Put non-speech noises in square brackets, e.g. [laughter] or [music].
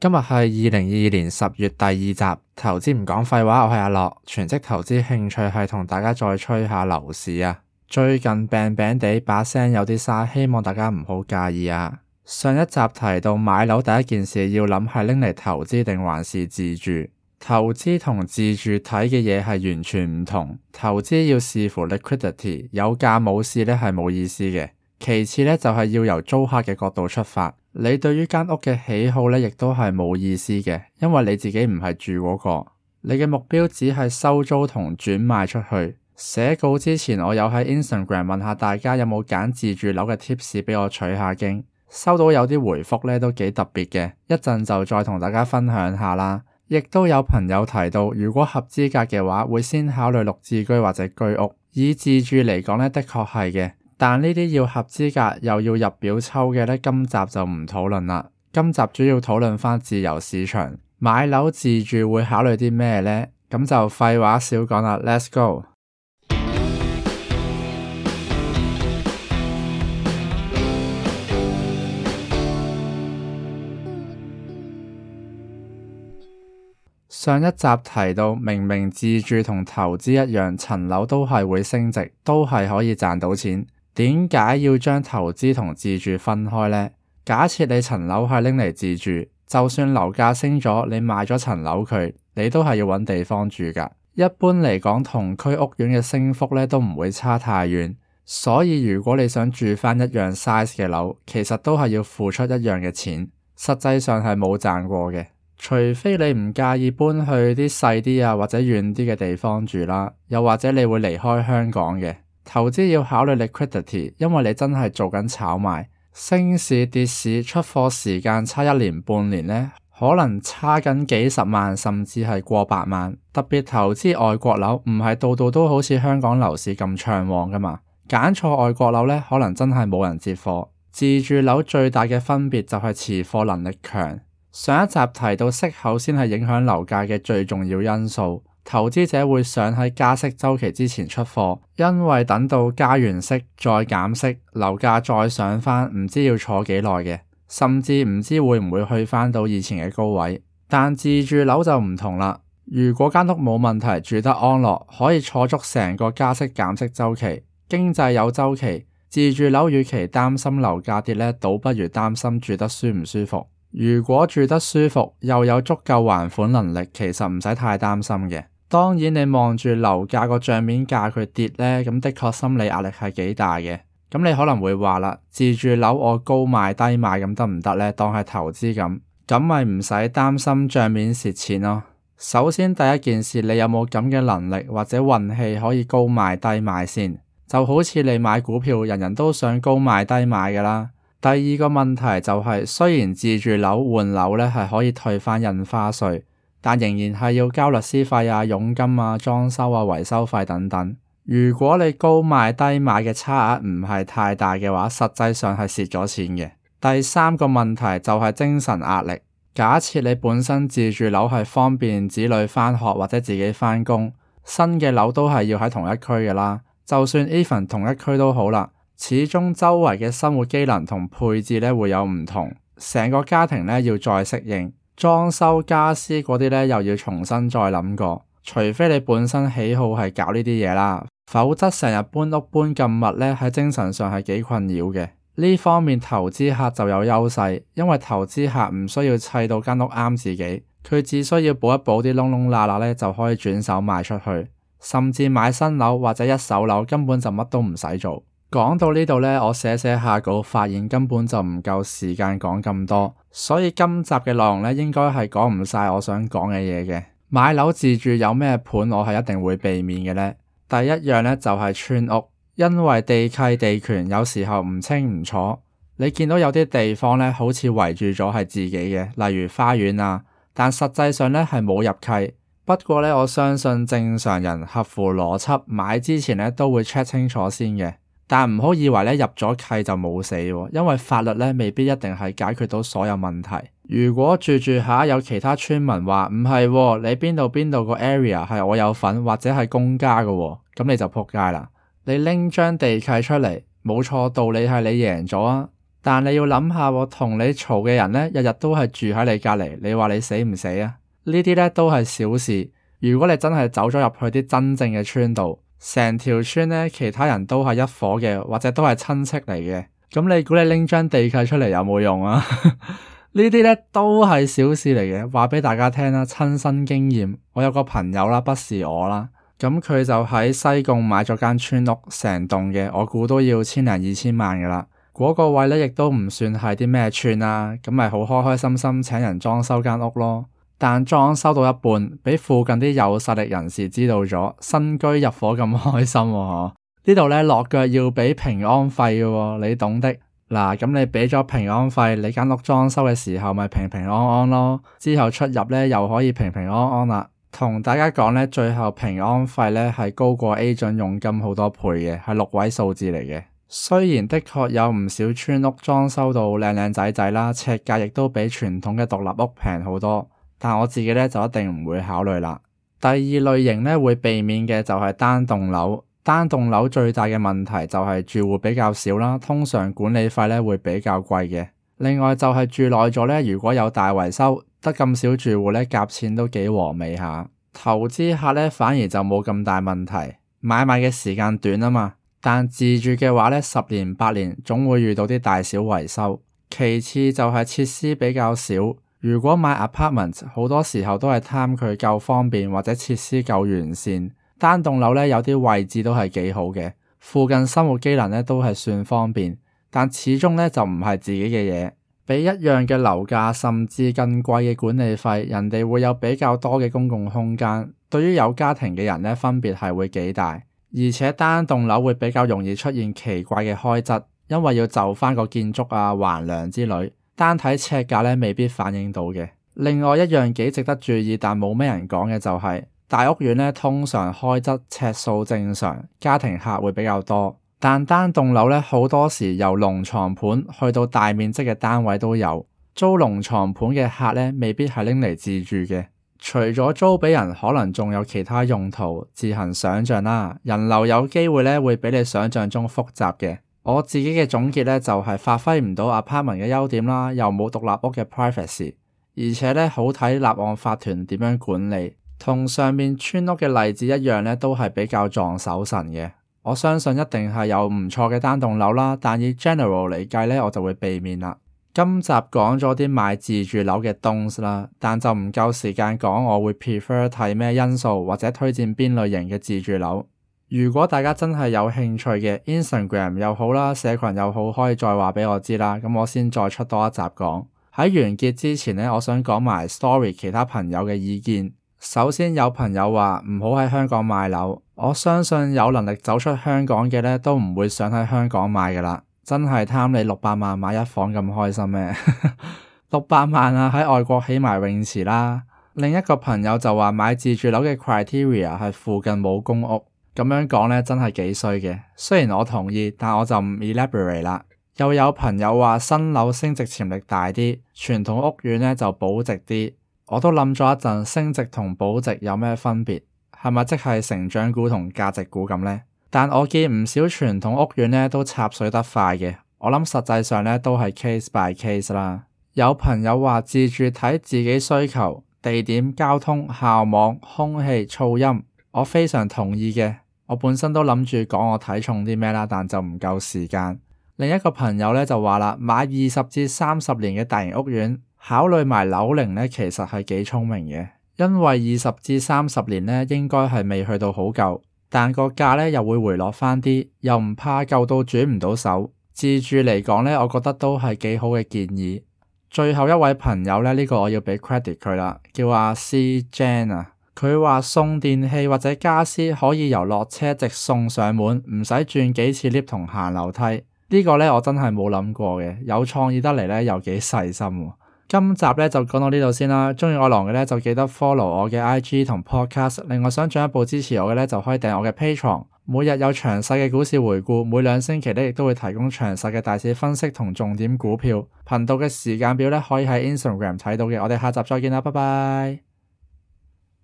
今日係二零二二年十月第二集，投資唔講廢話，我係阿樂，全職投資興趣係同大家再吹下樓市啊！最近病病地，把聲有啲沙，希望大家唔好介意啊！上一集提到買樓第一件事要諗係拎嚟投資定還是自住？投資同自住睇嘅嘢係完全唔同，投資要視乎 liquidity，有價冇市咧係冇意思嘅。其次咧就係要由租客嘅角度出發。你對於間屋嘅喜好咧，亦都係冇意思嘅，因為你自己唔係住嗰、那個。你嘅目標只係收租同轉賣出去。寫稿之前，我有喺 Instagram 問下大家有冇揀自住樓嘅貼士畀我取下經，收到有啲回覆咧都幾特別嘅，一陣就再同大家分享下啦。亦都有朋友提到，如果合資格嘅話，會先考慮綠置居或者居屋。以自住嚟講咧，的確係嘅。但呢啲要合資格，又要入表抽嘅呢，今集就唔討論啦。今集主要討論返自由市場買樓自住會考慮啲咩呢？咁就廢話少講啦，Let's go。上一集提到，明明自住同投資一樣，層樓都係會升值，都係可以賺到錢。點解要將投資同自住分開呢？假設你層樓係拎嚟自住，就算樓價升咗，你賣咗層樓佢，你都係要搵地方住㗎。一般嚟講，同區屋苑嘅升幅咧都唔會差太遠，所以如果你想住返一樣 size 嘅樓，其實都係要付出一樣嘅錢。實際上係冇賺過嘅，除非你唔介意搬去啲細啲啊或者遠啲嘅地方住啦，又或者你會離開香港嘅。投資要考慮 liquidity，因為你真係做緊炒賣，升市跌市出貨時間差一年半年呢，可能差緊幾十萬甚至係過百萬。特別投資外國樓，唔係度度都好似香港樓市咁暢旺㗎嘛？揀錯外國樓呢，可能真係冇人接貨。自住樓最大嘅分別就係持貨能力強。上一集提到息口先係影響樓價嘅最重要因素。投資者會想喺加息週期之前出貨，因為等到加完息再減息，樓價再上翻唔知要坐幾耐嘅，甚至唔知會唔會去翻到以前嘅高位。但自住樓就唔同啦，如果間屋冇問題，住得安樂，可以坐足成個加息減息週期。經濟有週期，自住樓與其擔心樓價跌呢，倒不如擔心住得舒唔舒服。如果住得舒服，又有足夠還款能力，其實唔使太擔心嘅。當然你望住樓價個賬面價佢跌呢，咁的確心理壓力係幾大嘅。咁你可能會話啦，自住樓我高賣低買咁得唔得呢？當係投資咁，咁咪唔使擔心賬面蝕錢咯。首先第一件事，你有冇咁嘅能力或者運氣可以高賣低買先？就好似你買股票，人人都想高賣低買噶啦。第二個問題就係，雖然自住樓換樓呢係可以退翻印花稅。但仍然係要交律師費啊、佣金啊、裝修啊、維修費等等。如果你高賣低買嘅差額唔係太大嘅話，實際上係蝕咗錢嘅。第三個問題就係精神壓力。假設你本身自住樓係方便子女返學或者自己返工，新嘅樓都係要喺同一區嘅啦。就算 even 同一區都好啦，始終周圍嘅生活機能同配置咧會有唔同，成個家庭咧要再適應。裝修家私嗰啲咧又要重新再諗過，除非你本身喜好係搞呢啲嘢啦，否則成日搬屋搬咁密咧，喺精神上係幾困擾嘅。呢方面投資客就有優勢，因為投資客唔需要砌到間屋啱自己，佢只需要補一補啲窿窿罅罅咧就可以轉手賣出去，甚至買新樓或者一手樓根本就乜都唔使做。講到呢度呢，我寫寫下稿，發現根本就唔夠時間講咁多，所以今集嘅內容呢，應該係講唔晒我想講嘅嘢嘅。買樓自住有咩盤，我係一定會避免嘅呢？第一樣呢，就係村屋，因為地契地權有時候唔清唔楚，你見到有啲地方呢，好似圍住咗係自己嘅，例如花園啊，但實際上呢，係冇入契。不過呢，我相信正常人合乎邏輯買之前呢，都會 check 清楚先嘅。但唔好以為咧入咗契就冇死、哦，因為法律咧未必一定係解決到所有問題。如果住住下有其他村民話唔係，你邊度邊度個 area 係我有份或者係公家噶、哦，咁、嗯、你就撲街啦。你拎張地契出嚟，冇錯，道理係你贏咗啊。但你要諗下，同你嘈嘅人咧日日都係住喺你隔籬，你話你死唔死啊？呢啲咧都係小事。如果你真係走咗入去啲真正嘅村度，成條村咧，其他人都係一伙嘅，或者都係親戚嚟嘅。咁你估你拎張地契出嚟有冇用啊？ [laughs] 呢啲咧都係小事嚟嘅。話畀大家聽啦，親身經驗，我有個朋友啦，不是我啦。咁佢就喺西貢買咗間村屋，成棟嘅，我估都要千零二千萬噶啦。嗰個位咧，亦都唔算係啲咩村啊。咁咪好開開心心，請人裝修間屋咯。但裝修到一半，俾附近啲有實力人士知道咗，新居入伙咁開心喎、啊， [laughs] 這裡呢度落腳要俾平安費嘅、哦，你懂的。嗱，咁你俾咗平安費，你間屋裝修嘅時候咪平平安安咯，之後出入呢又可以平平安安啦。同大家講呢，最後平安費呢係高過 A 進佣金好多倍嘅，係六位數字嚟嘅。雖然的確有唔少村屋裝修到靚靚仔仔啦，尺價亦都比傳統嘅獨立屋平好多。但我自己咧就一定唔會考慮啦。第二類型咧會避免嘅就係單棟樓，單棟樓最大嘅問題就係住戶比較少啦，通常管理費咧會比較貴嘅。另外就係住耐咗咧，如果有大維修，得咁少住戶咧夾錢都幾和味下。投資客咧反而就冇咁大問題，買賣嘅時間短啊嘛。但自住嘅話咧，十年八年總會遇到啲大小維修。其次就係設施比較少。如果買 apartment，好多時候都係貪佢夠方便或者設施夠完善。單棟樓呢，有啲位置都係幾好嘅，附近生活機能呢，都係算方便，但始終呢，就唔係自己嘅嘢。畀一樣嘅樓價甚至更貴嘅管理費，人哋會有比較多嘅公共空間。對於有家庭嘅人呢，分別係會幾大，而且單棟樓會比較容易出現奇怪嘅開則，因為要就返個建築啊、橫樑之類。單睇尺價咧，未必反映到嘅。另外一樣幾值得注意，但冇咩人講嘅就係大屋苑咧，通常開則尺數正常，家庭客會比較多。但單棟樓咧，好多時由龍床盤去到大面積嘅單位都有。租龍床盤嘅客咧，未必係拎嚟自住嘅。除咗租畀人，可能仲有其他用途，自行想象啦。人流有機會咧，會比你想象中複雜嘅。我自己嘅總結咧，就係發揮唔到 apartment 嘅優點啦，又冇獨立屋嘅 privacy，而且咧，好睇立案法團點樣管理，同上面村屋嘅例子一樣咧，都係比較撞手神嘅。我相信一定係有唔錯嘅單棟樓啦，但以 general 嚟計咧，我就會避免啦。今集講咗啲買自住樓嘅東西啦，但就唔夠時間講，我會 prefer 睇咩因素或者推薦邊類型嘅自住樓。如果大家真係有興趣嘅 Instagram 又好啦，社群又好，可以再話畀我知啦。咁我先再出多一集講。喺完結之前呢，我想講埋 story 其他朋友嘅意見。首先有朋友話唔好喺香港買樓，我相信有能力走出香港嘅咧，都唔會想喺香港買噶啦。真係貪你六百萬買一房咁開心咩？六 [laughs] 百萬啊，喺外國起埋泳池啦。另一個朋友就話買自住樓嘅 criteria 係附近冇公屋。咁樣講咧，真係幾衰嘅。雖然我同意，但我就唔 elaborate 啦。又有朋友話新樓升值潛力大啲，傳統屋苑咧就保值啲。我都諗咗一陣，升值同保值有咩分別？係咪即係成長股同價值股咁咧？但我見唔少傳統屋苑咧都插水得快嘅。我諗實際上咧都係 case by case 啦。有朋友話自住睇自己需求、地點、交通、校網、空氣、噪音，我非常同意嘅。我本身都諗住講我睇重啲咩啦，但就唔夠時間。另一個朋友咧就話啦，買二十至三十年嘅大型屋苑，考慮埋樓齡咧，其實係幾聰明嘅，因為二十至三十年咧應該係未去到好舊，但個價咧又會回落翻啲，又唔怕舊到轉唔到手。自住嚟講咧，我覺得都係幾好嘅建議。最後一位朋友咧，呢、這個我要俾 credit 佢啦，叫阿 C Jane 啊。佢話送電器或者家俬可以由落車直送上門，唔使轉幾次 lift 同行樓梯。呢個咧我真係冇諗過嘅，有創意得嚟咧又幾細心。今集咧就講到呢度先啦。中意我郎嘅咧就記得 follow 我嘅 IG 同 podcast。另外想進一步支持我嘅咧就可以訂我嘅 Patreon。每日有詳細嘅股市回顧，每兩星期咧亦都會提供詳細嘅大市分析同重點股票。頻道嘅時間表咧可以喺 Instagram 睇到嘅。我哋下集再見啦，拜拜。